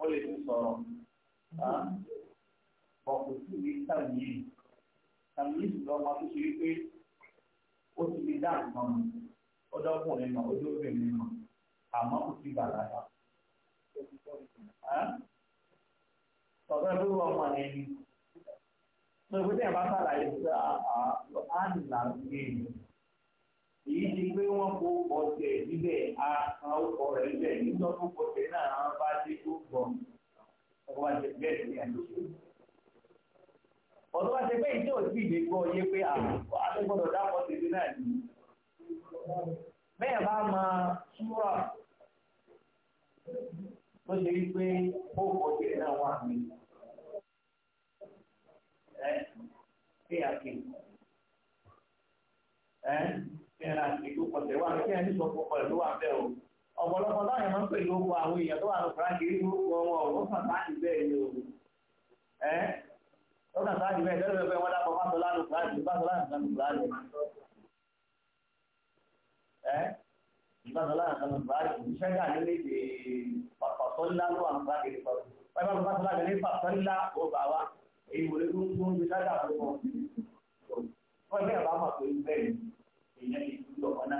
ó lè fi sọ̀rọ̀ bọ̀ kò sí ní tàbí tàbí ìṣúná ọmọ tó ṣe wípé ó ti fi dá nǹkan mọ̀ ọdọ́kùnrin mọ̀ ọdọ́bìnrin mọ̀ àmọ́ kò sí bàlágà. Sọ̀rọ̀ ẹ̀ lórí ọmọ yẹn ni. Sọ̀rọ̀ ìgbésẹ̀ bá sàlàyé sí àá á nìlànà gbé yìí. èyí ti pé wọ́n kó ọ̀tẹ̀ níbẹ̀ àwọn ọkọ̀ rẹ̀ níbẹ̀ nígbà tó kọ̀tẹ̀ náà àwọn bá dé tó gbọ̀ ọwọ́ àti bẹ́ẹ̀ ní àdúgbò. ọ̀dọ́ àti bẹ́ẹ̀ tí ò sí gbọ́ yé pé náà ni. bẹ́ẹ̀ bá máa ẹran ìlú pọ̀tẹ̀ wà kí ẹni sọ pọ̀ pẹ̀lú wà bẹ́ẹ̀ o ọ̀pọ̀lọpọ̀ táwọn èèyàn ń pè ló wọ àwọn èèyàn tó wà lóko láti rí orúkọ wọn ò fún àtàkì bẹ́ẹ̀ ni o ẹ́ ó kà sáà dìbẹ́ ìtẹ́lẹ̀ bẹ́ẹ̀ wọ́n dákọ̀ fásọ lánàá kùláàdì fásọ lánàá kùláàdì ẹ́ ìfásọ lánàá kùláàdì iṣẹ́ gà ìyẹn lè dúró ọ̀nà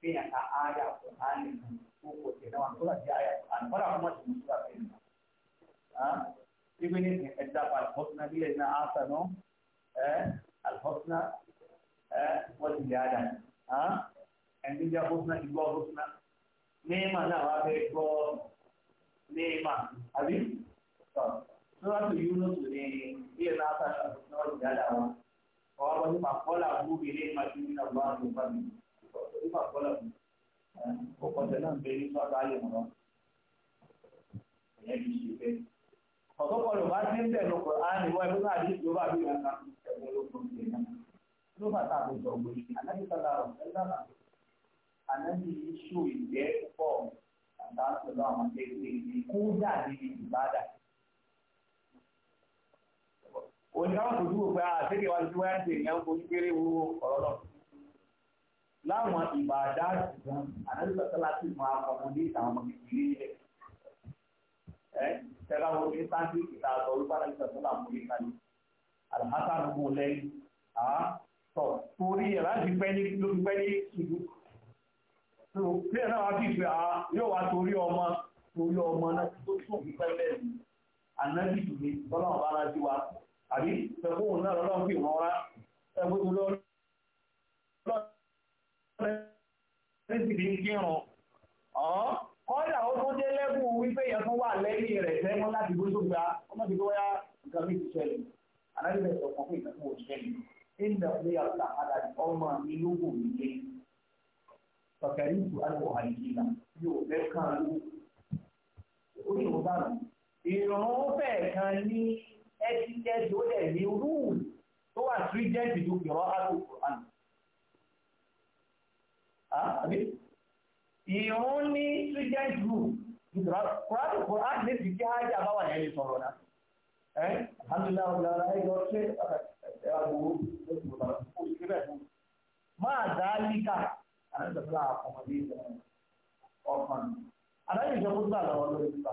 kéèyàn ká áyà Kùránì kan kó kò tẹ̀lé wọn tó láti áyà Kùránì kọ́dà fún wọn ti mú sùúrà fẹ́ẹ́ Eh, al ní eh pa àlùfọ́sùnà bí ẹ̀dá áṣà nù àlùfọ́sùnà wọ́n ti lè áyà ẹ̀dí jẹ́ àlùfọ́sùnà ti gbọ́ àlùfọ́sùnà níma náà wá fẹ́ gbọ́ níma àbí sọ́ọ́ sọ́ọ́ ọwọ́ nípa kọ́là fún ilé ìmọ̀jú nínú ọgbà àti ìgbà mi nípa kọ́là fún ó kọjá náà bẹ ní sọ́ọ̀tà ayé wọn ẹ̀yẹ́ kì í ṣe bẹ́ẹ̀. ọ̀tọ́kọ̀ ló bá ti ń bẹ̀ lọ́kọ̀ á ní wọ́n ẹgbẹ́ náà ní ìjọba àbí ìrànlá ẹ̀wọ̀n ló kọ̀ sí ẹ̀yà ló bá tà ògbó yìí ànábì sọ́lá rọ̀ ẹ̀dánà ànábì iṣu ìgbẹ́ púpọ̀ àtàkùn lọ́wọ́ àti ẹgbẹ́ ìgbẹ́ kó dà níbi ìbádà oníkàwọn kò dúró pé àṣírí wa ti wáyé ti èèyàn kò ní péré wo ọ̀rọ̀ lọ. láwọn ìbàdá ṣùgbọ́n àdájọ́ sọ́láṣí mọ àkọ́mọdé ìtàwọn ọmọ kékeré yẹn. ẹ tẹ́lá wo ní sáńtì ìta àtọ̀ orí pàtàkì sọ̀tọ́ là ń múlẹ̀ kalẹ̀. àlùmọ́sá ló mú lẹ́yìn. à sọ torí ẹ̀ láti pẹ́ ní ló fi pẹ́ ní ìlú. tó bí ẹ̀ náà wá sí à yóò wá torí ọmọ torí ọmọ náà tó tó fi pẹ́ bẹ́ẹ̀ àbí tẹ̀kùn náà lọ́lọ́run fi wọ́n rá ẹgbẹ́ tó lọ lọ́rẹ́ kírun kọ́dà ó tún dé lẹ́bù wípé yẹn tún wà lẹ́yìn rẹ̀ sẹ́yìn láti bó gba ọmọ ti gbọ́yà nǹkan mi ti ṣẹlẹ̀ alábẹ́rẹ́ sọ fún pé nǹkan ṣẹlẹ̀ ìdá ilé àgbà padà ọmọ mi ló wò mí lé pàkàrí ìtù àlọ́ àyíká yóò fẹ́ kàn án ló ó ṣòro bá mi ìrànwọ́ fẹ́ kan ní etiquette ó dẹ̀ ní rúùlù tó wà stringent ju kìrọ́ àtò Quran. ìrún ní stringent rule ju kìrọ́ Quran ní ti kí ájá bá wà lẹ́yìn sọ̀rọ̀ náà. alhamdulillah ọ̀gbìnrin ayé lọ sí ẹ̀rọ owó lóṣù tó kọ́ ìṣẹ́lẹ̀ fún mi. máa dá líkà àti ìṣẹ̀fúnlá ọmọdé ọkàn. àdáyé ìṣẹ́kúndà lọ́wọ́ lórí ìgbà.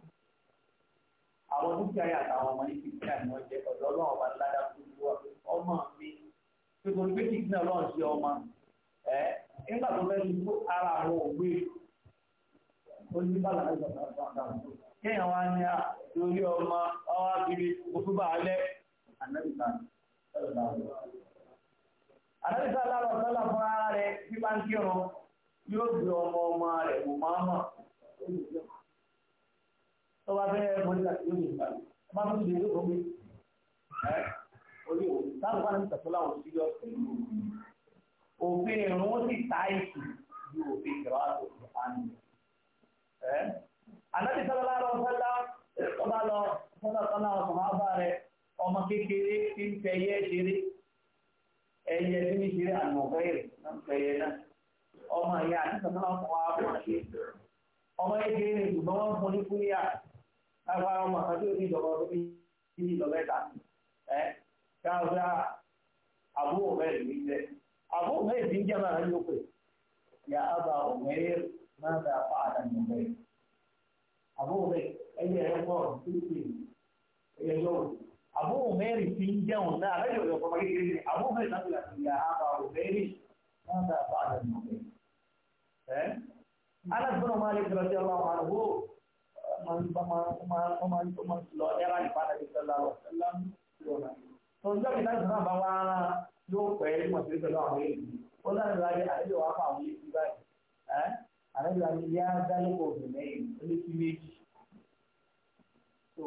àwọn dúkìá yà àtàwọn ọmọ ní kìtìyà ni wọ́n jẹ ọ̀dọ́ ọlọ́run ọba ládàá fún mi wá ọmọ mi gbogbo ní pété ìpínlẹ̀ ọlọ́run sí ọmọ ẹ nígbà tó fẹ́ ní kó ara àwọn òwe oníbàlà náà ìgbà tó ń bá kéèyàn wá ní à lórí ọmọ ọwọ́ abiri òfúbà alẹ́ ànábìsà ànábìsà lálọ́ sọ́lá fún ara rẹ̀ bí bá ń kírun yóò gbé ọmọ ọmọ rẹ̀ mọ̀ máa mọ̀ tó bá fẹ́ mọ́lẹ́dà tó lè gbà tó bá tún lè ló gbọ́n mi orí òun táwọn bá ń tẹ̀sọ́ láwọn sí yọ pẹ̀lú òfin ìrún sì ta ìsù ju òfin ìrọ̀ àtò ìpanu. Ànábì sábàlá lọ sọ́lá ọba lọ sọ́lá sọ́lá ọ̀sán ábá rẹ̀ ọmọ kékeré tí ń fẹ́ yẹ́ ṣeré ẹyẹ tí ń ṣeré àmì ọ̀fẹ́ rẹ̀ náà ń fẹ́ yẹ náà ọmọ ìyá àti sọ́lá ọ̀sán ábá rẹ̀ ọmọ kékeré ṣùgbọ́n wọ́n fún ní fúyà káfá ọmọ kan tí ó ní ìjọba tó ní ìjọba ẹ̀ta ẹ káfá àbúrò mẹ́rin ní jẹ àbúrò mẹ́rin ní jẹ máa ń lò pé yà á bá òmẹ́rẹ́ máa bá apá àdàmì òmẹ́rẹ́ àbúrò mẹ́rin ẹ̀yẹ ẹ̀ pọ̀ fílípìn ẹ̀yẹ yọ̀wò àbúrò mẹ́rin ti ń jẹun náà lẹ́yìn ọ̀dọ̀ ọ̀pọ̀ kékeré ni àbúrò mẹ́rin náà ti yà sí yà á bá òmẹ́rẹ́ máa bá apá àdàmì òmẹ́rẹ́ ẹ̀ máa ń bá máa ń máa ń máa ń tó máa ń lọ ẹ̀rá ìbára ìṣẹ̀lá ọ̀sẹ̀lá ìrọ̀lá. tó ń jọ́ kí láti náà bá wá rárá yóò pẹ́ ìmọ̀ sí pẹ̀lú àwọn èèyàn ó láti ra ẹ̀ àlejò wá fún àwọn èèyàn báyìí ẹ̀ àlejò àti ìyá dálẹ́kọ̀ obìnrin olóṣù méjì. tó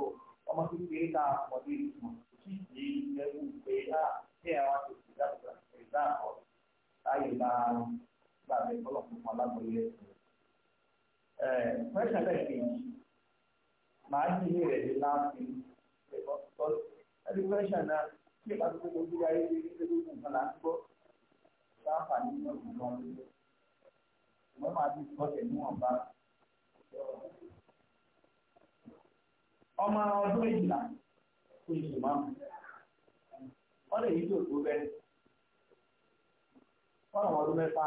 ọmọ kékeré ta ọ̀dọ́ ìtumọ̀ tí ìdí ìlẹ́kù pé á kí ẹ̀ wá ti ṣèjá Question 13 màá yí ilé rẹ̀ ní láti ẹ̀kọ́ tọ́ ẹni fẹ́ṣà náà tí ìgbà tó gbogbo ojú ayé ní ilé gbogbo nǹkan là ń gbọ́ láǹfààní ní ọ̀sùn kan lóde wọ́n máa ti sọ ẹ̀ níwọ̀nba. ọmọ ọdún méjìlá kò sì máa mú wọ́n lè yí tó tó bẹ́ẹ̀ fọ́nà ọdún mẹ́fà.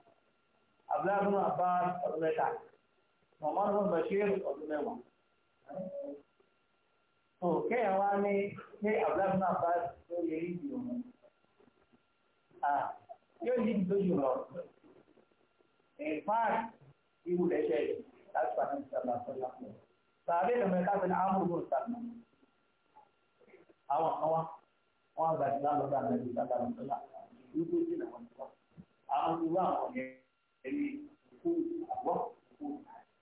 abúláàbùn abbas ọdún mẹ́ta mọ̀mọ́ ọdún bashir ọdún mẹ́wàá tó kéèyàn wá ní ní abúláàbùn abbas tó yẹ ìdí òun yóò yí ìdí lójú lọ ìfáàk ìwú lẹ́sẹ̀ láti pàtó ìṣàlá sọ́lá sàbẹ̀ lọ́mọ ẹ̀ka pẹ̀lú àmúgbò sàmì àwọn àwọn wọn àgbàdìlá lọ́dọ̀ àgbàdìlá lọ́dọ̀ àgbàdìlá lọ́dọ̀ àgbàdìlá lọ́dọ̀ àgbàdìlá lọ́dọ̀ àgbàdìlá lọ́dọ̀ àgbàdìlá lọ́dọ̀ àgbàdìlá lọ́dọ̀ àgbàdìlá lọ́dọ̀ àgbàdìlá lọ́dọ̀ ẹni kó àgbọ̀ kó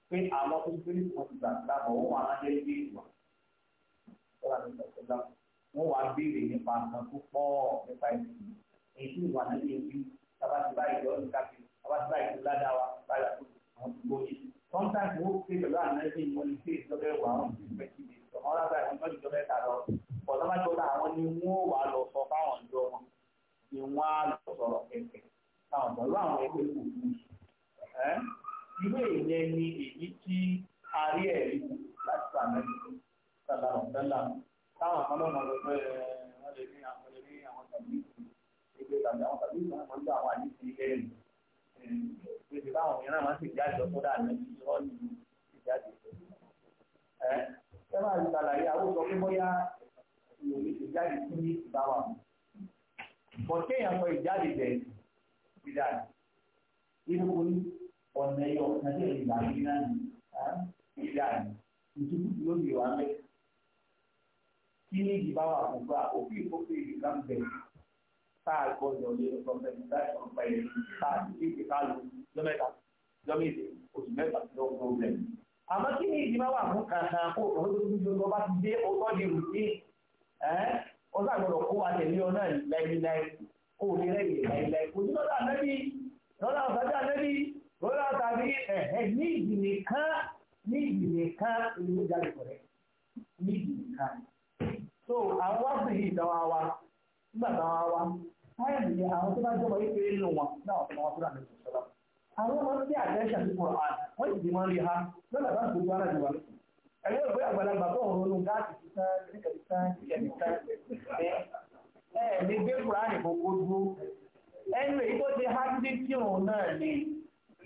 pé àwọn tó ń pè wọ́n ti gbà dábọ̀ wọ́n wà lájẹ́ ilé ìwà lọ́la ní ìtọ́jú dábọ̀ wọ́n wà béèrè nípa nǹkan tó pọ̀ nípa ìlú èyí tí ìwà náà lè rí tabatiba ìjọ ní káfí tabatiba ìlú ládàá báyà tó àwọn tó gbóyè sometimes wọ́n pè pẹ̀lú ànáyé wọn ní pé ìjọba ìwà wọn ti fẹ́ kí ọmọ ọlọ́gbà ìwọ̀n náà ìjọba ìta lọ ọ̀dọ́májọba àwọn ni wọ́n wà lọ sọ fáwọn ìjọ ìwé ìyẹn ni èyí tí a rí ẹ̀rí láti sàmẹ́lì sàlà ọ̀tẹ́là táwọn kan lọ́nà gbogbo ẹ̀ wọ́n lè ní àwọn lè ní àwọn tàbí ìgbé tàbí àwọn tàbí ìgbà wọn lọ àwọn àyíkí ilé rẹ̀ gbèsè báwọn mìíràn máa ń ṣèjáde ọkọ dáadáa ní ìrọ́lù ìjáde ẹ̀ ẹ máa ń ṣàlàyé àwòsọ pé bóyá ìròyìn ìjáde sí ní ìbáwà bọ̀tẹ́yàn sọ ìjáde bẹ̀rẹ̀ ìdájì ìdúkùn ọ̀nà ẹ̀yọ̀ nàdí ẹ̀yìn ìgbà yìí náà ní ìdá ní ìdúkú ló lè wà ń bẹ̀. kí ní ìdìbò àwọn àkùnfà òfin ìkókò ìdìbò ń bẹ̀ táà gbọ́dọ̀ lé ọ̀pẹ̀ ìdájọ́ ọ̀pẹ̀ táà ìdíje ká lò lọ́mẹ́ta lọ́mẹ́ta oṣù mẹ́ta lọ́wọ́ rẹ̀. àmọ́ kí ní ìdìbò àwọn àkùnfà kan kó ọ̀rọ̀ bá ti dé ọkọ̀ di rùdí ọ̀sán àgbọ̀dọ̀ kó àtẹ̀lé ọ náà láìláì kó o lè rẹ̀ láìláì kò ní lọ́dọ̀ ànábì lọ́dọ̀ àfájà bọ́lá tàbí ẹ̀ẹ́ ní ìdìnnìkan ní ìdìnnìkan ìlú jáde pẹ̀lẹ́ ní so àwọn wá sí ìdáwà wa nígbà táwa wa táyàmù ni àwọn tó bá jọmọ ìpè nínú wọn náà fún wọn tó dà lẹ́sùn sọ́lá. àwọn ọmọ sí àtẹ́sàn sí ha lọ́nà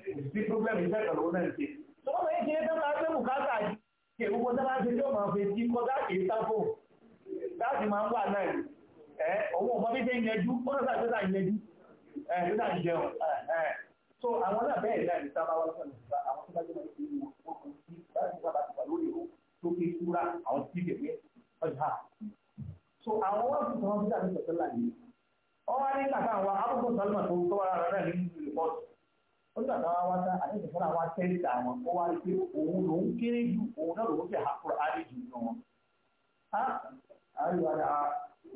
sí problem ìfẹ́kàn ló náà ṣe. Sọ́wọ́n èyí ṣe tẹ́lá ṣe bùkátà ṣe gbogbo tẹ́lá ṣe tó máa fi tí kọ́ láti sáfò láti máa ń wà náà ẹ̀ owó ọmọ bí ṣe ń yẹjú ó náà ṣàṣẹ́ ṣà yẹjú ẹ̀ ṣe ṣà jẹun so àwọn náà bẹ́ẹ̀ náà ní sábà wá sọ̀rọ̀ nípa àwọn tó bá jẹ́ wọn ní wọn kò sí láti sábà ti wà lórí ìhó tó fi kúra àwọn tí kèké ọjà so àwọn wá fún tọ́wọ́n bí sábà ń sọ̀tọ́ láàyè ọ wá ní kàkà àwọn nígbà táwa wá tán àdéhùn fúnra wa tẹ́lẹ̀ àwọn ó wá rí pé òun lòún kéré ju òun náà lòún fi àkùrọ̀ àlè jù nù wọn. a àríwá da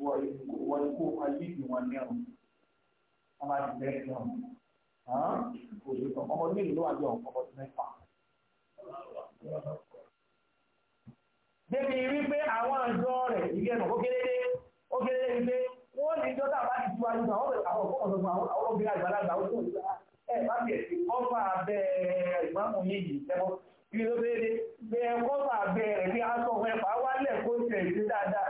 wọ ikú alíbi wọn mẹ́rùn wọn bá ti bẹ́ẹ̀ mẹ́rùn kò sí kan ọmọ mélòó ló wà jọ ọmọ tó mẹ́fà. débi wípé àwọn àjọ rẹ̀ ìgbẹ́nu ó kéré dé ó kéré dé wípé wọ́n ní ìjọ tá a bá ti tú ayé náà àwọn ọ̀pọ̀ ọ̀sọ̀gbọ̀n àwọn obìnrin àgbàlagbà ó tó ìgbà ẹ̀ má tiẹ̀ sí kọ́fà abẹ́ ìmáàmù yìí yìí tẹ́wọ́ kí ló béèrè bẹ́ẹ̀ kọ́fà abẹ́ rẹ̀ bí aṣọ ẹ̀fà wálẹ̀ kó tẹ̀ sí dáadáa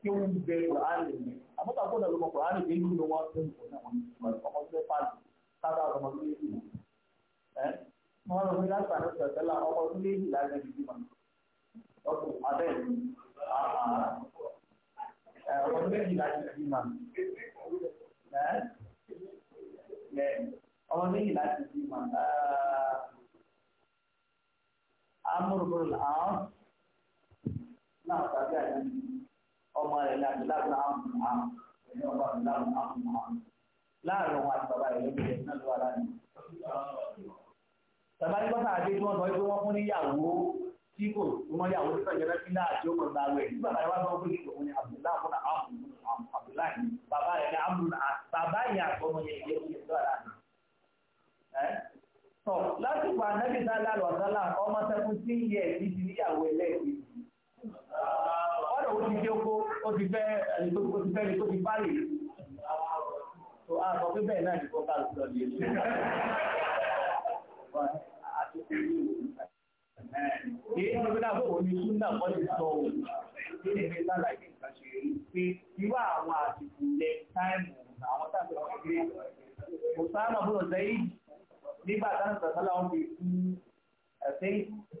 kí ó ń bẹ kùránì rẹ̀ àmọ́tà kó dàgbọ́ kùránì rẹ̀ nínú wọn tó ń kọ́ náà wọn ọmọ tó fẹ́ pàdé sábà ọmọ tó lé jù ẹ́ wọ́n lọ sí láti àná ìṣẹ̀ṣẹ̀ la ọmọ tó lé jù láti ẹ̀jú ọmọ méjì láti fi mà amúrúbúrú àwọn náà tàbí àyè ọmọ rẹ̀ láti láti àmú àmú ẹni ọba rẹ̀ láti àmú àmú láàrin òun àti bàbá rẹ̀ lóbi rẹ̀ náà ló wà láàrin. bàbá yìí bọ́sà àdé tí wọ́n sọ pé wọ́n fún níyàwó tí kò súnmọ́ yàwó tí sọ̀jọ́ náà fi náà àti ọmọ ìgbà rẹ̀ tí bàbá rẹ̀ wá sọ pé kí òun ni Abdullahi fún àmú Abdullahi bàbá rẹ̀ ní àmú bàbá yìí àtọmọ yẹn ìyẹn ìyẹn lọ́wọ́ láàrin tọ̀ lásìkò ànábì sálá lọ́sálà ọmọ seventeen years ti di níyàwó ẹlẹ́ẹ̀kejì ọ̀dọ̀ ó ti dé oko ó ti fẹ́ ẹni tó ti parí tó a sọ pé bẹ́ẹ̀ náà ní kó bá lọ lè ṣe kìí ṣe pé náà fòwò ní súnà kọ́ ti sọ òun kí ni pé sálàyé nǹkan ṣe rí pé irú àwọn àsìkò lẹ táìmù àwọn táìmù ọ̀gbìn kò sáà mọ̀ bọ́lọ̀ sẹ́yìn nígbà táwọn sàtàlà wọn fi fún ẹsẹ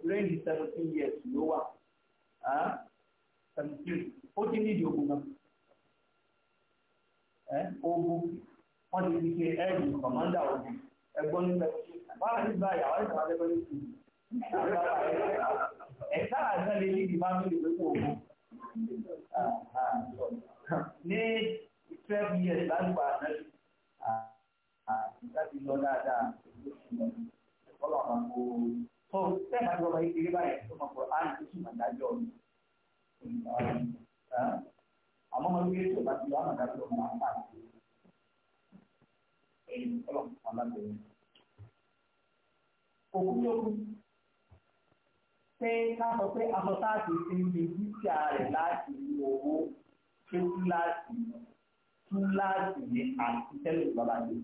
rẹǹdì seventeen years ló wà seventeen ó ti ní ìdí ogun náà ogun wọn ti fi ṣe ẹrù kọmọndà ogun ẹ̀gbọ́n nígbà wọn àti báyà wọn àti sàtàlà ẹgbẹ́ nìkan ẹ̀ka àgbọn lè ní ìdìbàmílì lóko ogun ní twelve years lágbàá náà láti lọ dáadáa ọlọ́run àmọ́ mo gbé tó bá ti wà máa máa ń pàdé ọlọ́run kan lábẹ́rẹ́ òkú lókun pé ká sọ pé asọ́táàtì ti ń fi dúkìá rẹ̀ láti ní owó tó láti tú láti ní àti tẹ́lẹ̀ ìgbàlódé.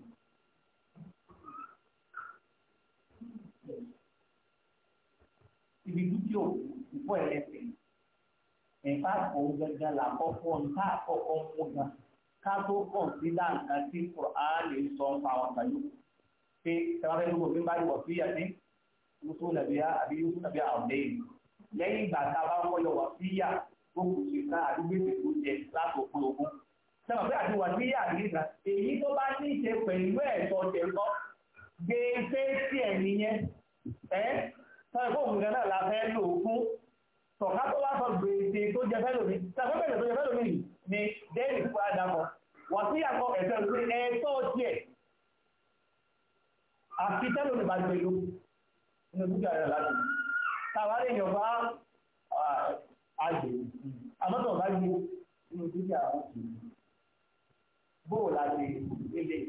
ibi dúkìá òkú ìfọ ẹlẹ́sẹ̀ nǹkan àkọ́kọ́ gangan làkọ́kọ́ nǹkan àkọ́kọ́ mú gan ká tó kàn sí láǹkà tí kùránì sọ ń pa wọn pẹ̀lú pé tẹwàá ló fi bá ìwọ̀ sí yàtí yusuf nàbíyá àbí yusuf nàbíyá ọ̀dẹ́yìn lẹ́yìn ìgbà tá a bá wọ́n yọ wà sí yà tó kù sí ká àdúgbò ìṣèlú jẹ láti òpin ogun sọ pé sí yà nígbà èyí tó bá ní í ṣe pẹ̀lú ẹ̀tọ́ tẹ̀kọ́ gbé e fẹ́ẹ́sì ẹ̀ nìyẹn ẹ́ tẹ́lifóònù gan náà la fẹ́ lò fún tọ̀ká tó wá sọ gbèsè tó jẹ fẹ́ lómi tàbí bẹ̀rẹ̀ tó jẹ fẹ́ lómi ni dẹ́rì fún adamọ̀ wà sí àkọ ẹ̀fẹ́ lórí ẹ̀tọ́ tiẹ̀ àfi tẹ́lómi bá gbé ló nínú dúkìá rẹ̀ láti tàbá lè yàn bá àgbè àmọ́tọ̀ bá gbé nínú dúkìá rẹ̀ bóò láti ilé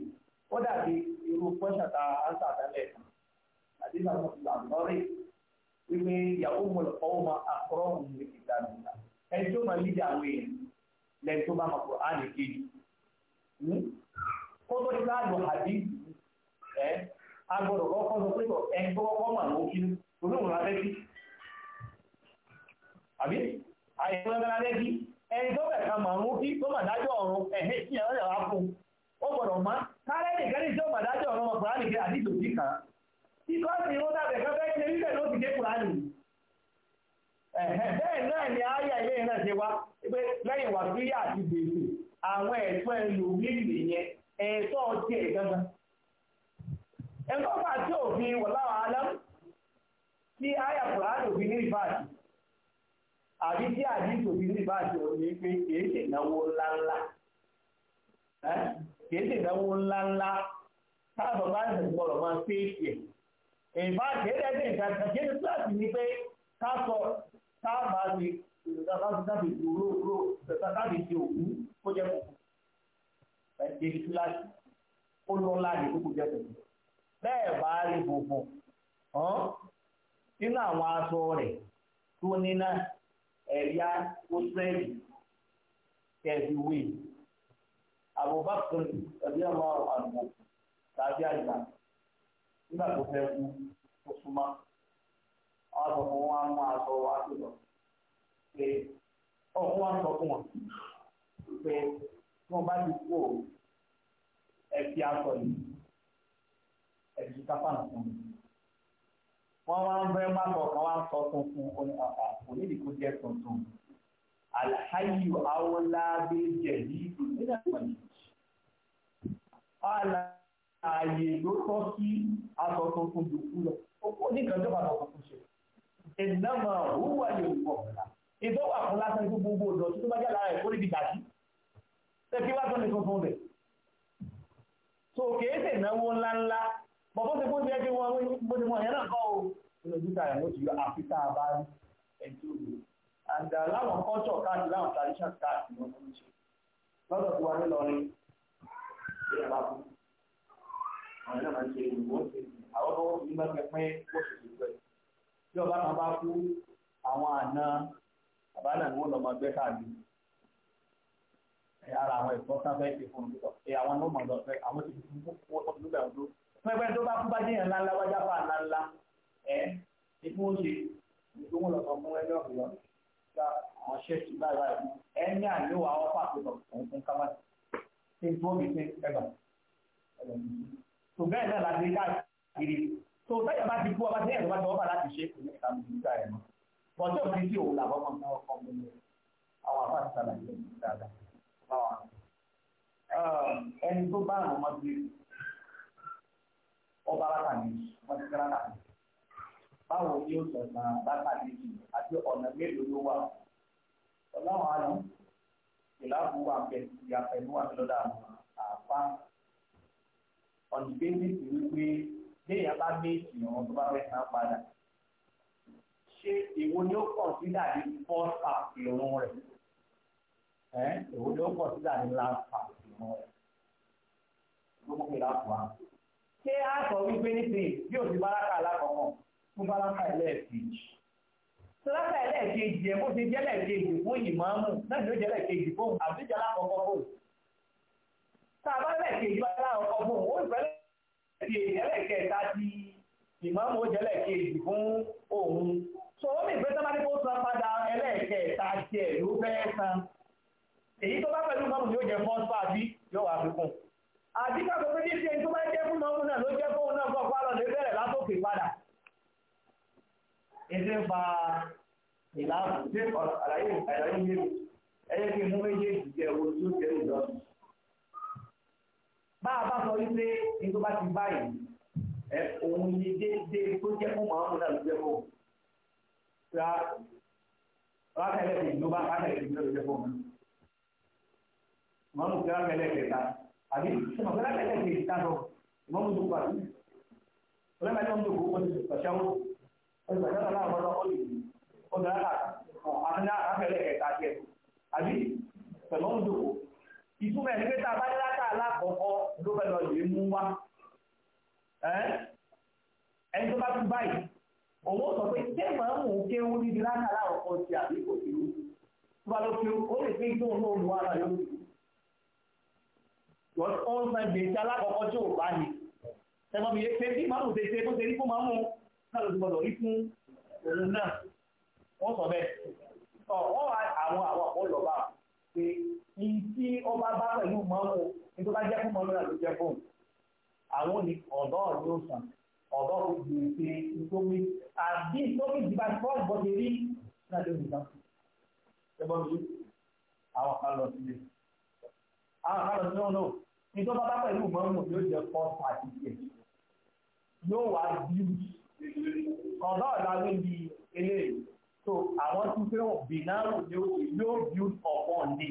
ó dàbí irú pọ́ṣà ta ánsà tẹ́lẹ̀ àti ìgbà tó ti gbà lọ́rẹ̀ wípé ìyàwó mọ̀lẹ̀ ọmọ àkọ́rọ̀ òun lè kíkà nìyà ẹni tó máa lídà àwọn èèyàn lẹ́yìn tó bá máa kọ̀ áàlì kejì hmm? kó tó ti láàlọ́ àbí ẹ agbọ́dọ̀ kọ́kọ́ sọ pé ẹni tó kọ́kọ́ mà ló kí lórí òun lábẹ́ sí àbí àyẹ̀wò ẹgbẹ́ lábẹ́ sí ẹni tó bẹ̀ ká mà ń kí tó ya dájọ́ ọ̀run ẹ̀hẹ́ wà sí àti gbèsè àwọn ẹ̀tọ́ ẹlòmíì yẹn ẹ̀tọ́ tiẹ̀ gangan ẹ̀kọ́ bá tí òfin tí àyà kùránì òfin ní àbí tí àdìsí òfin ní rìbáàtì òní pé kìí ṣe ìnáwó ńláńlá kìí ṣe ìnáwó ńláńlá táàbọ̀ bá ń gbọ́dọ̀ máa ṣe é tiẹ̀ ìbá kìí ṣe kìí ṣe láti dúró ró láti di òkú kó jẹ́ kòkó ẹ̀jẹ̀ ìtúláṣí ó lọ láàyè kókò jẹ́ kòkó bẹ́ẹ̀ bá rí bòbò nínú àwọn aṣọ rẹ̀ tó níná ẹ̀yà kóṣẹ́ẹ̀lì tẹ̀sí wí Abubakar ẹ̀bí ọmọ àgbò tàbí àgbà wọn mú aṣọ wa tó lọ pé ọ̀hún wa ń sọ fún wọn pé tí wọ́n bá ti kú ẹ fi aṣọ yìí ẹ fi kápá nà fún mi. wọ́n wá ń bẹ́ má sọ kan wá ń sọ tuntun oníkàkà onídìí kó jẹ́ tuntun alhayu awolabe jẹ̀dí nígbà tí wọ́n yìí. ààyè ló tọ́ sí aṣọ tuntun dùkú lọ. ó kó nígbà tó bá lọ tuntun ṣe. ìnáwó wà lè wọ̀ ọ̀la ìtọ́wà fún lásán ikú gbogbo ọ̀dọ̀ tó bá jẹ́ lára ẹ̀kọ́ níbi dàjí tẹ́kí wá tó ní tuntun rẹ̀ so kèése ìnáwó ńláńlá bọ̀bọ́ ti fún ẹgbẹ́ wọn gbọ́dọ̀ wọn yẹn náà kọ́ o ìlọ́júta ẹ̀wọ́n ti yọ àfíta bá rí ẹ̀jú òde and uh, láwọn culture káàdì láwọn tradition káàdì wọn ló ń ṣe lọ́dọ̀ tó wà nílọrin ìyá bá fún àwọn náà máa ń ṣe ìwọ́ ṣe àwọn bọ́wọ́ ìgbà pẹ́pẹ́ wọ́n ṣe ṣe pẹ́ bàbá náà ni wọ́n lọ máa gbé káàdì ara àwọn ẹ̀kọ́ kan fẹ́ ṣe fún un ẹ àwọn ní ó mọ̀ lọ fẹ́ àwọn ti fi fún ọdún bẹ̀rù tó pẹ́pẹ́ tó bá kú bá jẹ́yàn ńláńlá wájá fà ńláńlá ẹ ikú ó ṣe ìlú wọn lọ sọ fún ẹgbẹ́ ọ̀gbìn lọ àwọn ṣẹ́ẹ̀ṣì báyìí báyìí ẹ ní àlè wa wọn fà pípọ̀ òun fún kámá ṣe tó mi ṣe ẹgbà tó bẹ́ẹ̀ náà láti káàkiri tó ọjọ́ méjì òun làwọn ọmọ náà kọ́ mi lọ àwọn àbá ìsàlàyé mi dáadáa báwa ẹni tó bá àwọn ọmọ bíi ọba látàní wọn ti kára látàní báwo ni ó sọ̀tàn látàní àti ọ̀nà mélòó ló wà ọ̀làwọn àná ìlàbù wà bẹ̀ ìyàfẹ̀mú wà lọ́dà àpá ọ̀nìgbé ní ìwé pé déèyàn bá gbé ìyàn tó bá fẹ́ san padà ṣé èwo ni ó pọ̀ sí dàbí first half ìrun rẹ̀ ẹ́ èwo ni ó pọ̀ sí dàbí last half ìrun rẹ̀ gbogbo kìlá fún wa. ṣé a sọ wípé nísìnyí bí o ti báraka alákọ̀ọ́kọ́ fún báraka ẹlẹ́ẹ̀kejì sọlọ́kà ẹlẹ́ẹ̀kejì ẹ̀ bó ti jẹ́ ẹlẹ́ẹ̀kejì fún ìmáàmù náà ni ó jẹ́ ẹlẹ́ẹ̀kejì fún àbíjà alákọ̀ọ́kọ́ fún tàbá ẹlẹ́ẹ̀kejì bá alákọ̀ọ́kọ́ fún ó ìfẹ́ ẹlẹ́ẹ̀kẹta ti ìmáàmù ó jẹ́ ẹlẹ́ẹ̀kejì fún òun sọ̀rọ̀ mi ìgbésẹ̀ máa ní kó san padà ẹlẹ́ẹ̀kẹta tiẹ̀ ló fẹ́ẹ́ san èyí tó bá pẹ̀lú mọ́mù yóò jẹ fọ́n fà bí yóò wà fíkún àdíkà tó fẹ́ díṣẹ́ tó bá jẹ́ fún mọ́mù náà ló jẹ́ fóun náà gbọ́n pálọ̀ lè bẹ̀rẹ̀ látòkè padà ẹsẹ̀ fa ìlànà tí àlàyé àlàyé yé mi ẹyẹ kí mú méjèèjì jẹ owó tí ó jẹ ìjọ bá a bá sọ wípé ní tó bá ti báyìí ẹ òun ni déédéé tó jẹ́ fún mọ́mù náà ló jẹ́ fóun ra rákẹ́lẹ́kẹ̀ ló bá rákẹ́lẹ́kẹ̀ ló lè fọ́ mi. Màmú ti rákẹ́lẹ́kẹ̀ ta àbí sọ̀rọ̀ fẹ́ rákẹ́lẹ́kẹ̀ ta lọ ìmọ̀mú tó pa sí. Ọlọ́mọ ẹni wọn tó kó wọn ti pàṣẹwó wọn ti pàṣẹwó láwọn ọlọ́ ọ̀lì ọ̀dà àkàndá rákẹ́lẹ́kẹ̀ ta jẹ àbí pẹ̀lọ́mú tó kó. Ìtumọ̀ ẹni pé tá a bá ní látà alákọ̀ọ́kọ́ ló fẹ́ lọ lè mú wá. Ẹni tó bá tún báyìí òun sọ pé ṣé màá mú un kéwú níbi láti aláwọ̀ kan ti àbí kò sí wú tó bá lọ fi ó lè fi gbóhùn náà mú ara yóò sì wọ́n ó ń san gbèsè alákọ̀ọ́kọ́ tí ò bá ní ẹgbọ́n mi yé pé bí màá mú tètè bó ṣe rí fún màá mú náà ló ti gbọdọ̀ rí fún òun náà wọ́n sọ bẹ́ẹ̀ ọ̀ wọ́n wá àwọn àwọn àpò lọ́ba pé ní tí ọba bá pẹ̀lú màá ní tó bá jẹ́ fún màá náà ló jẹ́ fún àwọn ọ̀dọ́ ọ̀dọ́ ọ̀dọ́ gbèsè ìtòmí àbí ìtòmí ìdìbà bọ́ọ̀lù bọ́ọ̀lù rí náà lórí ìgbà ẹgbọ́n mi àwọn kan lọ sílé àwọn kan lọ sílé ọ̀nà ìjọba bá pẹ̀lú mọ́mù yóò jẹ́ fọ́ọ̀sì àti ìjẹ́ yóò wá bíu ọ̀dọ́ ọ̀làwé ni eléyìí so àwọn tún fẹ́ bìnárù ni ó ṣe yóò bíu ọ̀pọ̀ ní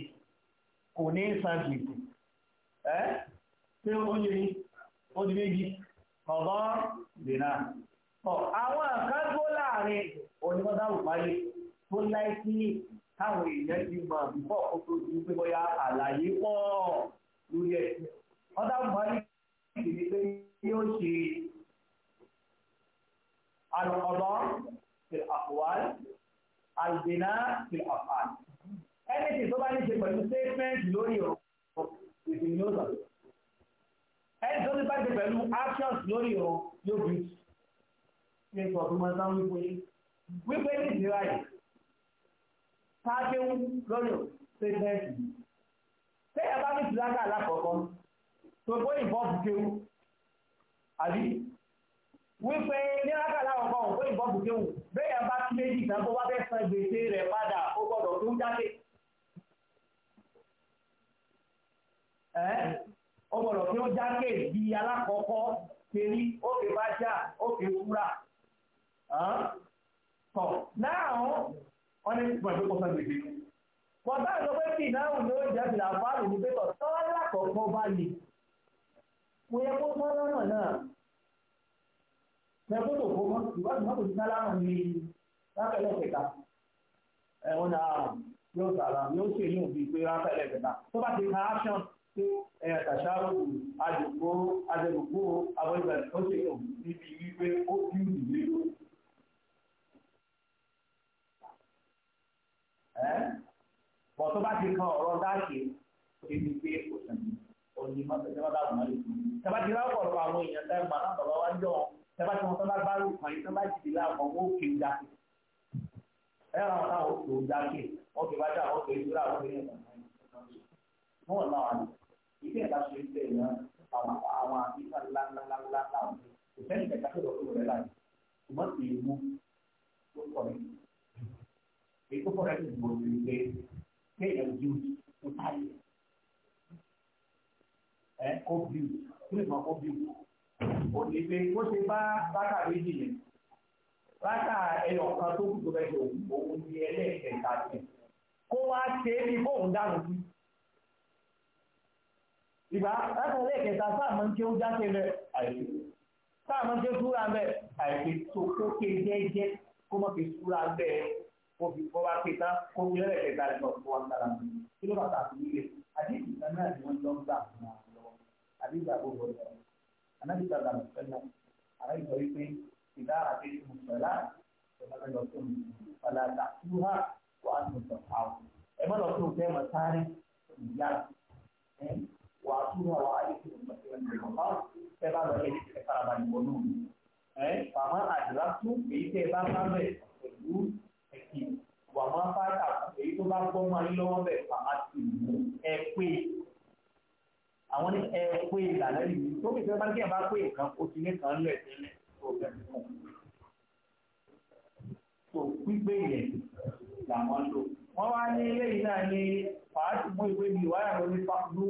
kò ní san gbèsè ẹ́ ṣé ó yẹ ó di méjì ọ̀gọ́ dènà. àwọn kan tó láàrin onímọ̀dáwò báyé tó láìsí táwọn èèyàn ti mọ̀ bípọ̀ kó tó ju pé bóyá àlàyé pọ̀ lórí ẹ̀. ọ̀dáwò báyé ti di pé yóò ṣe alùpọ̀lọ́ ti àpòwálì àlùdènà ti àpàlì. ẹni tí tó bá ní ṣe pẹ̀lú statement lórí ọ̀rọ̀ ìdìní ó sọ̀rọ̀ ẹni tó ti bá ti pẹ̀lú actions lórí ìrọ̀ yóò bí ní ìfọ̀ tó máa sáwọn wípé wípé ní ìdíra yìí sáájú lórí ṣẹ́gbẹ́ẹ̀sì tẹ́yà bá ní ìdílágà alákọ̀ọ́kọ́ tó gbé ìbọ́ọ̀bù kéwù àbí wípé nílágà alákọ̀ọ́kọ́ ò gbé ìbọ́ọ̀bù kéwù bẹ́yà bá ti méjì ìtàn tó wá fẹ́ san gbèsè rẹ̀ padà ó gbọ́dọ̀ tó jáde ọgbọ̀dọ̀ tí ó jákè bí alákọ̀ọ́kọ́ pèrí ó fi bá já ó fi wúrà tọ̀ láàrún wọn ní ìgbà tó kọsán gbèdé bọ̀dá ìlú pé kí ìnáwó ló ń jẹ́ ìlà fáàlù ní pẹ́tọ̀ tọ́lá lákọ̀ọ́kọ́ bá lè kò yẹ kó tán lọ́nà náà ṣe kó tó kó mọ́ ìwádìí mọ́tò ti sálámù ní lápẹ̀lẹ̀ kẹta ẹ̀wọ̀n náà yóò sàrà yóò ṣèlú bíi pé lápẹ̀lẹ̀ kẹta tó bá ti ka action ẹ̀ẹ́dàṣáàrò àdìgbò adẹ̀gbò abọ́jà tó ṣe hàn níbi wípé ó bí ìdílé lọ. bọ̀ tó bá ti kan ọ̀rọ̀ dáàkì ó ti di pé kò sàn òní mọ́tàdínlọ́dàbọ̀ náà ti àwọn èèyàn tẹ́ náà ti wọn tọ́lá bá táwọn bá ìdí ẹ̀ka ṣe ń bẹ̀rẹ̀ náà àwọn àwọn àbíkà ńláńláńlá náà kò sẹ́yìn kẹta tó lọ kúrò rẹ̀ láàyè ṣùgbọ́n kì í mú tó kọ̀ ní. èyí tó kọ̀rẹ́ ti gbòòrò ní pé kéèyàn ju tó táyé ẹ kó bíu kí ni kò bíu ó ní pé ó ṣe bá bákà méjì yẹn bákà ẹyọ kan tó kù tó bẹ́ẹ̀ ṣe òun ní ẹlẹ́ẹ̀kẹta yẹn kó wá ṣe é ní kóun dànù sí ìgbà látàlẹ́ ìkẹta sáàmọ́ tí ó jáde rẹ̀ àìsí sáàmọ́ tí ó túra rẹ̀ àìsí tó kó ké jẹ́jẹ́ kó mọ̀ fi túra rẹ̀ kó fi kó bá ké tán kó fi lẹ́rẹ̀ kẹta rẹ̀ lọ́wọ́ wọn sára mi kí ló bàtà sí ilé àdéhùn ìgbà náà ni wọ́n lọ ń gbà fún wa lọ́wọ́ àdéhùn àbò wọlé anábì tàbí àmì fẹ́lá ara ìsọ wípé ìdá àti mùsọ̀lá ẹ̀ wà á túnú àwọn àyíkú ìgbà ẹ bá lọ ẹni tẹ farabalẹ̀ wọnú ẹ bàmá àdìrà tún èyí tẹ bá bá bẹ pẹ̀lú ẹkì wà má fáyà èyí tó bá gbọ́ máa yín lọ́wọ́ bẹ̀ fà á ti mú ẹ pé àwọn ní ẹ pé ìlànà yìí tó kì í fẹ́ bá ní kí ẹ bá pé nǹkan o ti ní kan lẹ̀ tẹ́lẹ̀ tó o fẹ́ fún un. tó pípé yẹn làwọn lò wọ́n wá ní ilé yìí náà ní fàá ti mú ìwé mi wáyà lórí fáfúrú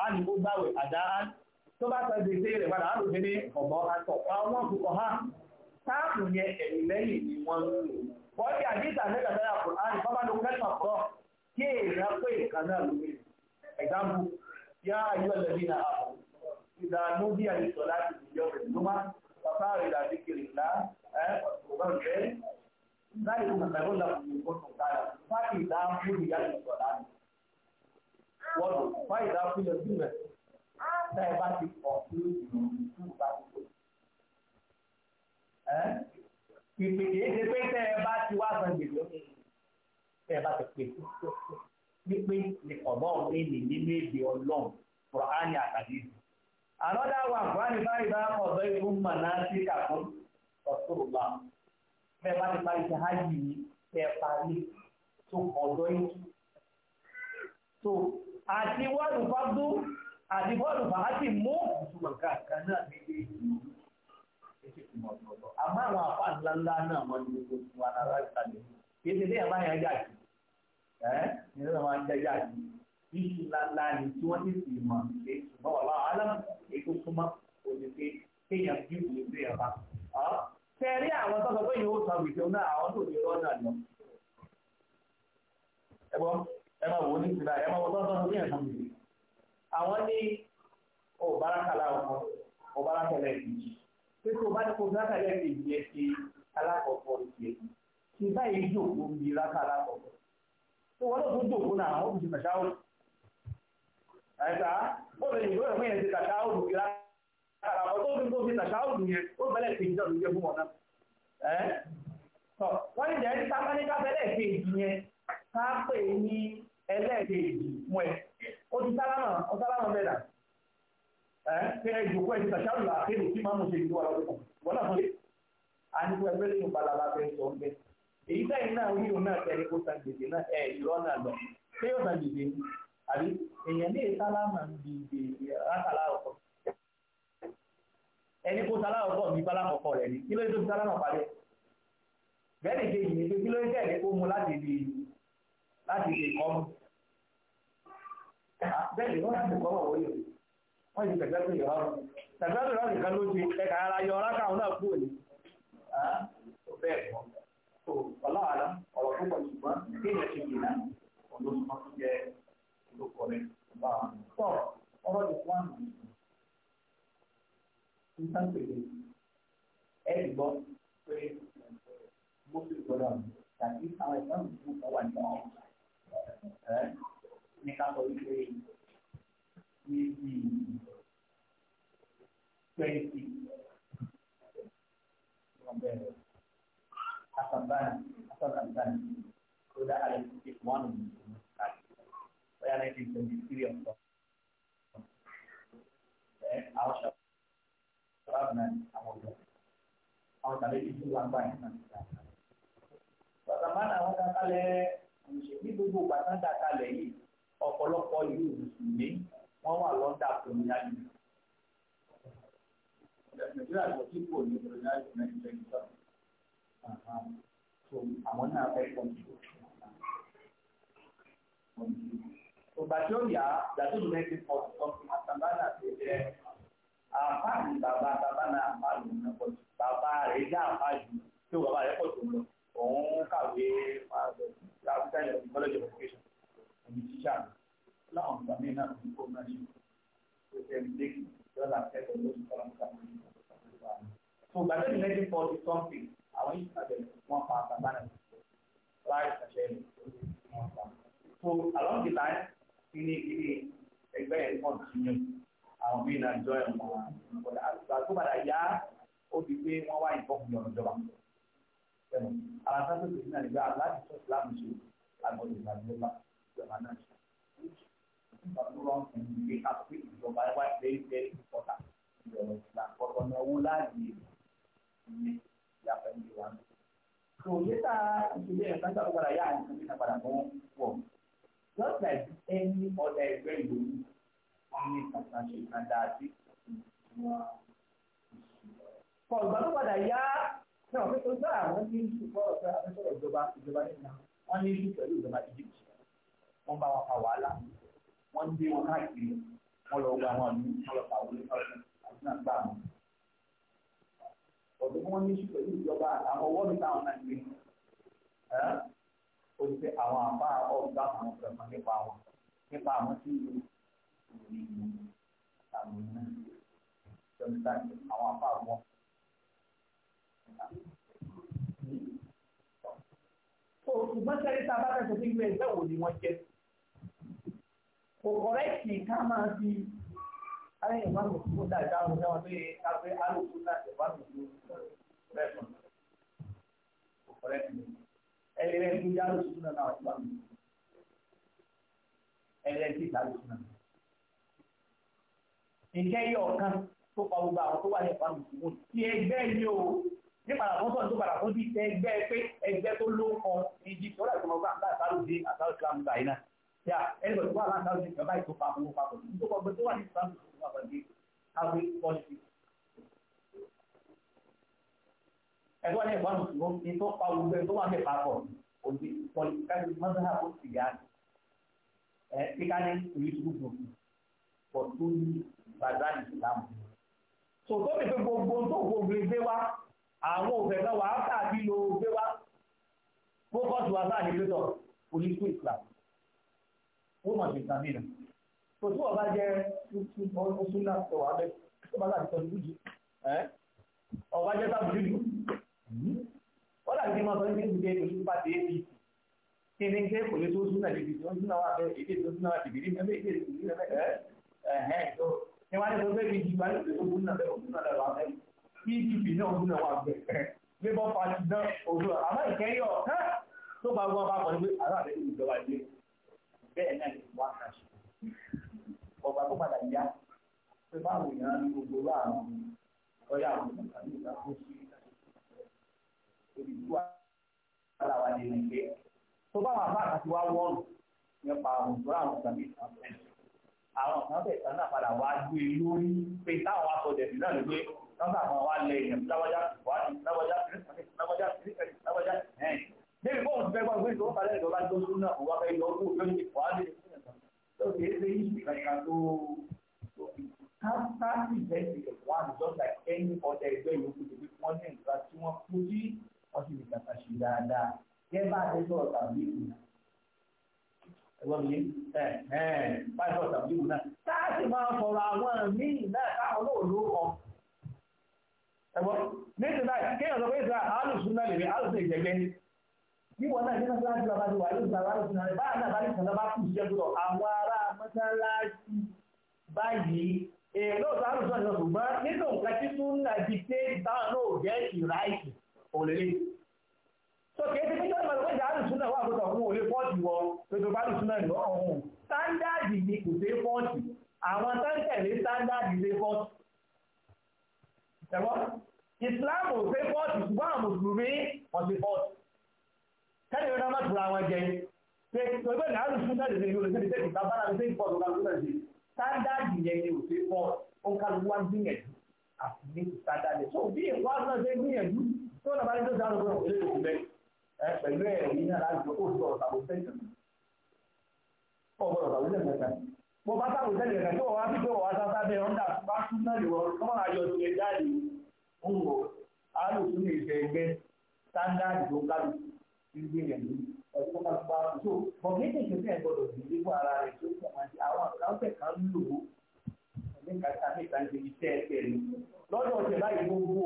á ní kó gbáwẹ̀ àdá tó bá sọ gbèsè rẹ̀ padà á lò ní ọ̀bọ̀ àtọ̀ àwọn ọkùnkọ̀ ha táàkù yẹn ẹ̀yìn lẹ́yìn ni wọ́n ń lò wọ́n ti àdíta nígbà náírà kò á ní bábá ló kẹ́lá kọ́ kí èèyàn pé ìkan náà lórí ẹ̀dáàbò yá ayọ́ lẹ́bí náà àpò ìdààmú bí àdìsọ láti ìjọ rẹ̀ ló má bàbá rẹ̀ làbí kiri ńlá ẹ̀ ọ̀gbọ̀n rẹ̀ láì wọ́n wá ìdá fún yọ sí rẹ̀ tá ẹ bá ti kọ̀ sí ìròyìn tó bá ti kọ̀. Ìpè kìí ṣe pé tẹ́ ẹ bá ti wá san gbèsè ó tẹ́ ẹ bá ti pè pípé ní ọ̀gbọ́n ní nínú èdè ọlọ́run Kùránì àtàdé. Ànọ́dá wà Kùránì báyìí bá ọ̀dọ́ ìlú mọ̀ náà sí kàkún ọ̀ṣọ́rọ̀ bá. Bẹ́ẹ̀ bá ti parí ṣe hájì ní tẹ́ ẹ parí tó ọ̀dọ́ ìlú. àti wọ́ọ̀lù fábdú àti a ti mú ìtumọ̀ náà àmọ́ àwọn àpá náà wọ́n ní gbogbo ẹ́ ní máa ń iṣu ńláńlá ni tí wọ́n ti sì mọ̀ ṣe ṣùgbọ́n wàhálà alámù èkó súnmọ́ òdìdí kéèyàn bí òun ṣe yàrá tẹ̀rí àwọn tọ́sọ tó ti rọ́ ẹ máa wò ní ìsìnlá ẹ máa wò tọ́tọ́ ní ẹ̀sán mi àwọn ní ò bárakàlà ọkọ ò bárakàlà ẹ̀kejì pé tó bá ní kó bárakàlà ẹ̀kejì ẹ̀ ṣe alákọ̀ọ́kọ́ ìṣẹ́ ṣe báyìí jòkó ní rákàlà ọkọ̀ tó wọ́n lọ́ọ́ tó jòkó náà ó fi ṣàṣáwó ẹ̀ta ó lè yìnbó ẹ̀mú yẹn ti ṣàṣáwó ní rákàlà ọkọ̀ tó fi tó fi ṣàṣáwó nìyẹn ó bẹ̀rẹ̀ kejì náà ló jẹ́ fún wọn náà ẹ̀ tọ́ wọ́n ní ẹlẹ́ẹ̀kejì mú ẹ ó ti sálámà ó sálámà mẹ́ta ẹ ọ ẹ jòkó ẹ ti tàṣàlù àkéde tí máa mú ṣe ìdíwà lọ́dún kan wọ́n náà fún mi a ní kó ẹgbẹ́ lẹ́yìn balaba fẹ́ sọ ń bẹ èyí sẹ́yìn náà wíwò náà kẹ́ni kó san gbèsè náà ẹ lọ ṣé yóò san gbèsè àbí èèyàn ní ń rákàlà ẹni kó mi bá ni kí ló parí kejì ni pé kí ló kó mu láti di láti bẹ́ẹ̀ ni wọ́n ti kọ́ wọ̀ wọ́yọ̀ wọ́n ti tẹ̀gbẹ́ pé yọ̀ọ́ tẹ̀gbẹ́ pé yọ̀ọ́ nìkan ló ti ẹ̀ka ara yọ ọ́ráka òun náà kúrò ní. bẹ́ẹ̀ kọ́ tó ọlọ́ọ̀lá ọ̀rọ̀ púpọ̀ ṣùgbọ́n kí èèyàn ṣe jìnnà ọ̀dọ́ sọ́kọ́ tó jẹ́ olókọ̀ rẹ̀ tó ọ̀rọ̀ ti fún àmì nítorí ẹ gbọ́ pé mo ti gbọ́dọ̀ tàbí àwọn ìfọ̀n mi fún ọwọ́ àti ọ̀hún ní ká sọ wípé ní bí twenty ọ̀bẹ̀rẹ̀ asambana asambana tó dá àlẹ́ tó ti wọ́n nù káàkiri bóyá nineteen twenty three ọ̀sán ẹ̀ àwọn ṣàkóso náà àwọn ọ̀dọ́ àwọn tàbí títí wà gbà yẹn náà. Bàtà máa ń àwọn kàkálẹ̀ ní gbogbo bàtà kàkálẹ̀ yìí ọ̀pọ̀lọpọ̀ ìlú mùsùlùmí wọ́n wà lọ́dà kòmíyájú. nàìjíríà lọ sí kò ní kòmíyájú nàìjíríà tó àwọn náà fẹ́ pọ̀jù. Ògbà tí ó yá, ìdájọ́ ìlú ẹgbẹ́ pọ̀ tuntun àtàbánà ti jẹ́ àpáàdì bàbá àtàbánà àpáàdì náà pọ̀jù. Bàbá rẹ̀ dá àpáàdì tí bàbá rẹ̀ pọ̀jù lọ. Òun kàwé máa lọ sí African College of Education ìṣàlù láwọn ìgbà míì náà ń kó náà yìí tó ṣe ń dé lọ́la ẹ̀kọ́ ló ń kọ́ra nípa ìlú ìgbà mi. tó gbàdé ní nineteen forty something àwọn ìṣàlẹ̀ wọn pa àtàbà náà láì ṣàṣẹ wọn pa. so along the line kíní kíní ẹgbẹ́ yẹn kàn sí yẹn àwọn míì náà jọ ẹ̀ mọ́ àgbà tó padà yá ó di pé wọ́n wá ìfọ́kùnrin ọ̀rọ̀ ìjọba àwọn asáfẹ́ tó ti náà nígbà láti tó ìlànà ìṣòro àgbọ̀dọ̀ ìgbàlódé bá ìjọba náà ṣe nígbà tó rọrùn fún mi lè ká pé ìjọba wà very very important ìrọ̀rùn ìgbà ọ̀rọ̀ náà wó láàyè ìyẹn ìyàpẹ̀ ń lè wà ní. so later ìṣẹ̀lẹ̀ ẹ̀ka ń sàkóso àyà àìsàn nígbà padà mọ́ pọ̀ just like any other ẹgbẹ́ ìlú wọn ní kankan ṣe kan dáadé kọ̀ ìgbà tó padà yá náà pé ojú àwọn ní ìṣùkọ́ ọ̀sẹ̀ àfẹ́sọ̀rọ̀ ìjọba ìjọba nìkan wọ́n ní ìṣù pẹ̀lú ìjọba Egypt wọ́n bá wọn fa wàhálà wọ́n gbé wọn káàkiri wọ́n lọ gba àwọn àmì wọ́n lọ pàwọ́ nípa àti náà gbà wọn. ọ̀dọ́ wọn ní ṣùgbọ́n ní ìjọba àtàwọn ọwọ́ mi táwọn náà gbé ó ti pé àwọn àbá ọ̀gá àwọn ọ̀gá nípa wọn nípa àwọn tí ìlú ìlú àmì náà ṣọ́nìtàn àwọn àbá wọn. ṣùgbọ́n sẹ́yìn tá a bá fẹ́ sọ pé ilé ẹgbẹ́ wo ni wọ́n jẹ́ sí kò kọ̀rẹ́tì ká máa fi ayé ìmáàmù tó dá ìdáhùn náà pé káfí alùpùpù náà ti wá lùkù bẹ́ẹ̀ kan kò kọ̀rẹ́tì ẹlẹ́rẹ́ tó yá lùkù náà náà wá lùkù ẹlẹ́rẹ́ tí ìta lùkù náà. ǹjẹ́ yí ọ̀kan tó pa gbogbo àwọn tó wà ní ìpamọ́ ìṣòwò ti ẹgbẹ́ yìí o ní parapọ́sọ̀ tó parapọ́ bí ẹgbẹ́ pé ẹgbẹ́ tó ló kan ìdí tó rà Ya, ẹnìkan tó wà láǹkà ní ìjọba ètò pàpọ̀ pàpọ̀ tó kọ̀ Islam. tó bagi ní positif. tó wà pàdé káwé itu? Pak ní itu mùsùlùmí ní tó pa gbogbo ẹ̀ tó wà ní ìpapọ̀ òbí pọ́lìsì káwé mọ́tàlá ó sì yá ẹ̀ kíkà ní ìrísí gbogbo pọ̀ tó ní gbàgbá ìsìlámù. sòtó mi pé gbogbo tó gbogbo gbé wọ́n mọ̀ sí ìtàbí rẹ̀ kò tí wọ́n bá jẹ́ oṣù náà tó wà bẹ́ẹ̀ tó bá láti tọ́jú jù ọba jẹ́ sábùjú jù wọ́n dàbí kí n máa sọ ní ìdíje oṣù bá ti ébi kí ni kí kò lè tó oṣù náà dìbì tó oṣù náà wà bẹ́ẹ̀ èdè tó oṣù náà dìbì rí ẹgbẹ́ èdè tó oṣù náà ẹ̀hẹ́n tó ní wọ́n á ní tó bẹ́ẹ̀ bí jù wá ní oṣù náà bẹ́ẹ̀ oṣù náà wà bẹ́ẹ̀ pdp náà oṣù náà wà bẹ́ẹ̀ labour party náà oṣù àmọ́ ìkẹyọ̀ tó bá gbọ́ bẹ́ẹ̀ náà lè wá kàṣì ọba tó padà yá pé báwo ni wọn ní gbogbo láàrún ọyá àwọn ọmọ ní ìgbà tó sí olùdíwà ara wa lè rìn pé tó bá wà fáà àti wá wọ́ọ̀nù nípa àwọn òṣùwà àwọn ìgbàgbé kan àwọn kan bẹ̀ tán náà padà wá gbé lórí pé táwọn akọ̀dẹ̀bí náà ló gbé nọ́mbà kan wá lẹ ìyẹn ìlú ọ̀kadà ìjọba tó súnà òwò abẹ́ ìlú ọ̀gbọ̀n tó ní ìfọ̀ mistake bàbá náà mistake pọ̀ lọ́kàlù náà ṣe sáńdáàdì yẹn ni òṣè pọ̀ òǹkàlù wá gbìyànjú àti ní ti sáńdáàdì so bí èkó àgbà ṣe gbìyànjú tó nà bá ní tó sáré fún òṣèlú òkú bẹ́ẹ̀ ẹ pẹ̀lú ẹ̀rí náà láti lọ kó sọ̀rọ̀ sàbò sẹ́yìn ọ̀bọ̀rọ̀ sàbò sẹ́yìn mẹ́ta mo bá sàbò sẹ́yìn mẹ́ta tó wà pípé wà sáfá bẹ́ẹ̀ ọ̀ndà bá tún náà lè wọ́n kọ́mọ́ àyọ̀ tó lè jáde ń wò á lò tún lè sáńdáàdì tó ń kálù ń gbìyànjú ẹ̀sìn máa pa so mọ̀gẹ́tì ìṣẹ̀fẹ̀ gbọ́dọ̀ sí ilé fún ara rẹ̀ tó kàn máa di àwọn àkáńtẹ̀ kan ń lò ó nígbàtà níta ń ṣèyí tẹ́ ẹgbẹ́ rẹ̀ lọ́dọ̀ ọ̀sẹ̀ báyìí gbogbo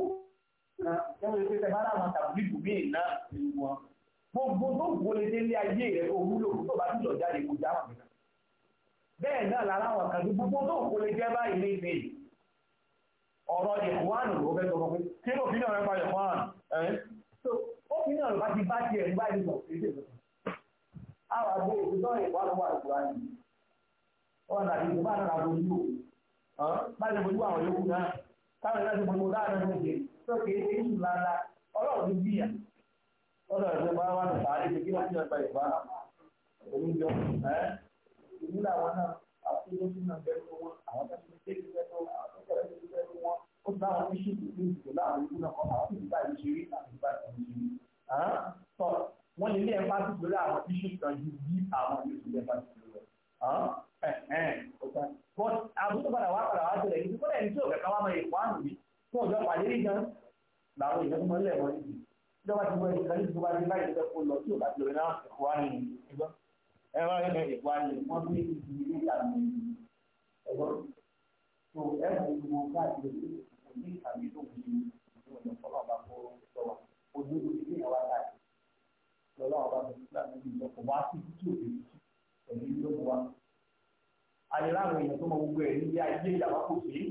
na ẹ̀wọ̀n ìpè tẹ̀ bára àwọn tàbí bùbí iná ìlú wọn gbogbo tó gbó lè délé ayé rẹ̀ kó tó bá tún lọ jáde kó wọn bẹ́ẹ̀ náà lára àwọn kan gbogbo tó gbó lè jẹ́ báyìí lé ní ọ̀rọ̀ ìwánù ló fẹ́ sọ fún mi kí ló fi náà rẹ̀ pa ìwánù ó fi náà lọ bá ti bá tiẹ̀ ń báyìí lọ sí ìdè lọ́sọ̀ A àgbé ìdúdọ́ ìwà ló wà lóko láyé wọn nà ìdìbò bá nàrà lójú o má lè bojú àwọn yòókù náà káwọn ìlànà ìbò mọ dáadáa ló ṣe tó kéé ṣe ndị lánàá ti bá wà ní kí ti ìlú làwọn náà àti wọn àwọn tó àwọn wọn ó wọ́n lè ní ẹ̀fásí lórí àwọn iṣu kan ju bí àwọn yóò lè ẹ̀fásí lórí rẹ̀. but àbúrò padà wá padà wá tẹ̀lẹ̀ ní kọ́lẹ̀ ní tí òkè kan wá mọ ìpò àrùn yìí fún ọjọ́ pàdé rí gan làwọn èèyàn tó mọ ilé ẹ̀wọ̀n yìí ìjọba ti wọ ìgbà yìí tó bá rí báyìí tó kó lọ tí ò bá ti lọ náà ìpò àrùn yìí ẹgbọ́n ẹ̀rọ ìpò àrùn yìí wọ́n gbé ìdílé ìdààmú ẹ̀gbọ́n tó ẹ̀rọ ìgbìmọ̀ káàkiri ní ìkàwé tó wù lọ́lọ́ ọba tó ti láti ní ìjọpọ̀ wá sí tí òde tí ẹ̀mí ló mú wa. àyè láwọn èèyàn tó mọ gbogbo ẹ̀ níbi ayé ìyàwó kò sí.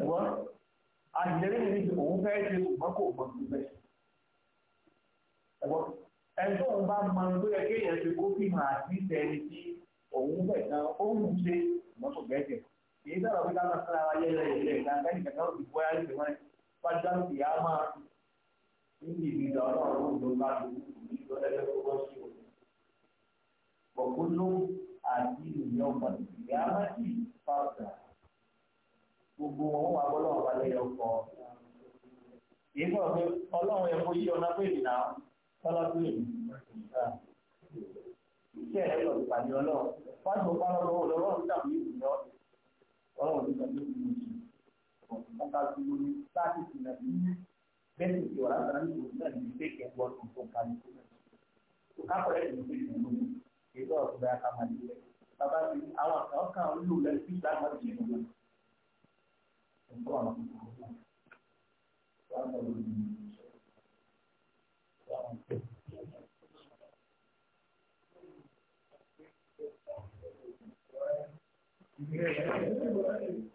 ẹ̀wọ́n àyẹ̀lẹ́ mi ní òun fẹ́ ṣe ṣùgbọ́n kò mọ sí bẹ́ẹ̀. ẹ̀wọ́n ẹni tó ń bá mọ tó yẹ kéèyàn ṣe kó fi hàn àti ìtẹ́ni tí òun fẹ́ tán ó ń ṣe mọ́tò gẹ́gẹ́ èyí sábà fi ká níbi ìgbìdà ọlọ́run ló bá lò ní ìgbọ́lẹ́lẹ́ tó bọ́ sí o. Bọ̀kúnú àti ìyá ọmọ ìyá Amájì Fáwọ̀dà. Gbogbo wọn wà bọ́lọ̀ wà lẹ́yìn ọkọ̀. Èyí náà pé ọlọ́run ẹ̀ fún yí ọ̀nà pé ìdìnnà tọ́lá pé iṣẹ́ rẹ̀ lọ ìpàdé ọlọ́run. Fáṣọ pàrọ̀ lọ́wọ́ lọ́wọ́ ń dàbí ìrìnà ọlọ́run nígbà tó ti mú un. Wọ́n ká sí lórí láti sìnà bẹ́ẹ̀ sì ti wà láti rántí òun náà ní pé kẹ́ wọ́n ti fún kálí fún ẹ̀. kò ká pẹ̀lẹ́ ìlú pé ìlú mi kì í lọ́ọ̀ fún ẹ̀ka máa nílẹ̀. bàbá mi àwọn àkàwọn kan ń lò lẹ́nu bí ìlànà ti ń lò. nǹkan àwọn kòkòrò náà wọ́n á lọ sí i. Thank you.